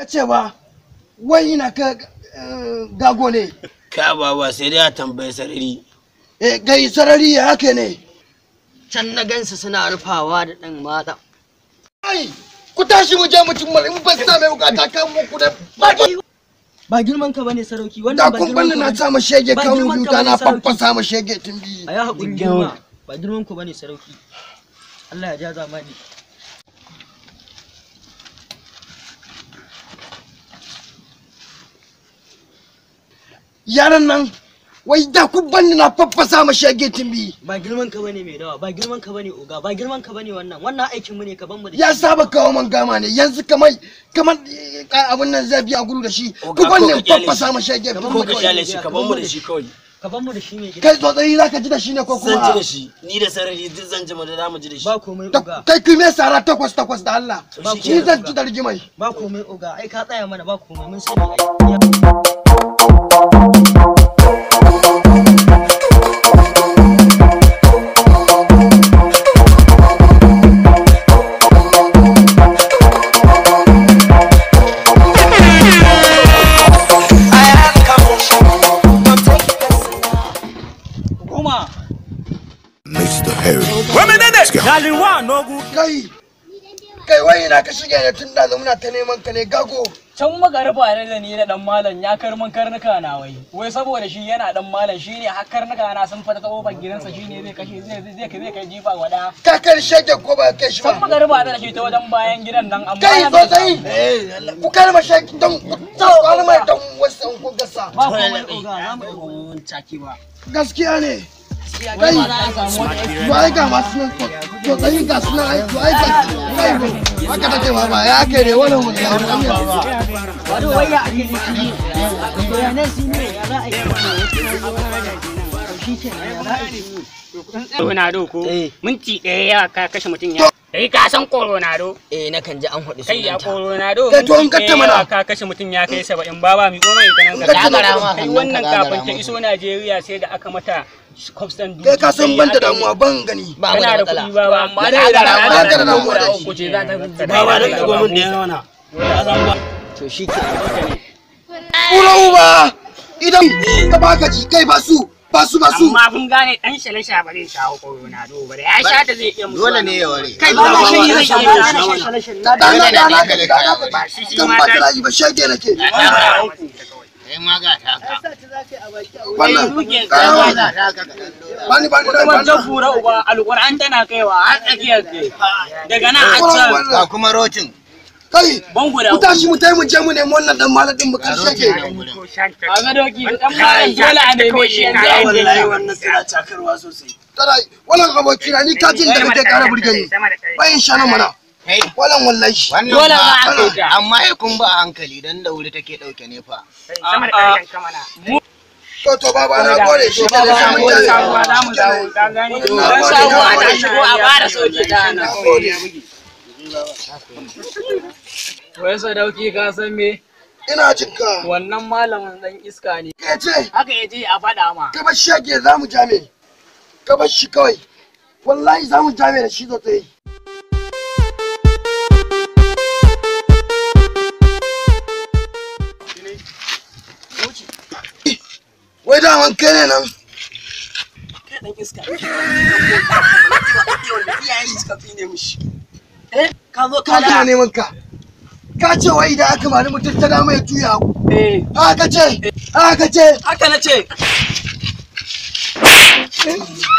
na ce ba wai ina ka eh, gago ne ka ba sai dai a tambayi sarari eh gai sarari ya haka ne can na gansa suna rufawa da ɗan mata ai ku tashi mu je mutum mara in ba sa mai bukata kan mu ku da ba girman ka bane sarauki wannan ba girman ka na sa ma shege kan mu duka na sa mu shege tun biyu a ya haƙun girma ba girman ku bane sarauki Allah ya ja zamani yaran nan wai da ku banni na faffasa ma getin bi ba girman ka bane mai dawa ba girman ka bane oga ba girman ka bane wannan wannan aikin mu ne ka ban mu da ya saba kawo man gama ne yanzu kamar kamar eh, abun nan zai biya guru da shi ku banni faffasa ma a getin ko ka shale shi ka ban mu da shi kawai ka ban mu da shi ne kai tsotsayi zaka ji da shi ne ko kuma zan ji da shi ni da sarari duk zan ji da zamu ji da shi ba komai oga kai kime sara takwas takwas da Allah shi zan ji da rigimai ba komai oga ai ka tsaya mana ba komai mun sani Daliwa nogu. Kai. Kai wai ina ka shige da tun da muna ta neman ka ne gago. Can magarba ne da ni da dan malam ya kar karman karnuka na wai. Wai saboda shi yana dan malam shine har karnuka na sun fata kofar gidansa shine zai kashe zai zai zai kai jifa wada. Ka karshe da ko ba kai shi ba. Can magarba da shi ta wajen bayan gidan nan amma. Kai zo sai. Eh, ku kalma shaki dan kalma don wasan ko gasa. Ba komai oga za mu yi ba. Gaskiya ne. kai ai ga masu nan to tsayi ga su nan ai to ai ga kai go haka take ba ba ya ke ne wannan mutum ya mutum ya wani waya a cikin ciki bayanan su ne ya za a yi wannan shi ke ya za a yi to kun tsaro na eh. doko minti ɗaya ya kashe mutum ya kai ka san coronado eh na kan ji an hudu sunan. kai ya coronado kai to an katta mana eh, ka kashe mutum ya kai 70 baba mi goma idan nan ka gara ma kai wannan kafin ta iso Najeriya sai da aka mata kwafsan dutse. kai ka san ban da damuwa ban gani ba mu da kudi ba amma da gara ma da damuwa da shi ba. za ta baba da ga da yana wana to shi ke Ula ba. idan ka baka ji kai ba su basu basu amma kun gane dan shale sha bare sha ko na do bare ya sha da zai iya musu dole ne ya ware kai ba na shi zai iya na da na da na ba shi shi ma ta rayu ba shege nake kai ma ga ta ka wannan eh, bani bani da wannan fura uba alquran tana kaiwa har tsakiyar ke? daga nan a can kuma rocin kai ku tashi mu tai mu je mu nemi wannan dan malamin din mu kan ke a ga doki dan malam dole a nemi shi yanzu a wallahi wannan suna sosai wannan aboki na ni katin da muke kara burge ni bayan shanu mana Walan wallahi. Dole Amma ya kun ba a hankali dan da wuri take dauke ne fa. Sama da karshen kamana. baba na gode shi da da mun da. Dan samu a tashi ko a da soke da nan. Wai sadauki ka san me? Ina jinka. Wannan malamin dan iska ne. Ya ce. Haka ya a faɗa ma. Gabas shege zamu mu Ka bar shi kawai. Wallahi za mu jame da shi zo Wai da man kai ne nan. dan iska. dan iska. dan iska. dan iska. dan iska. eh ka zo ka da ka ce wai idan aka mani mutum ta dama ya juya ku eh aka ce aka ce haka na ce eh.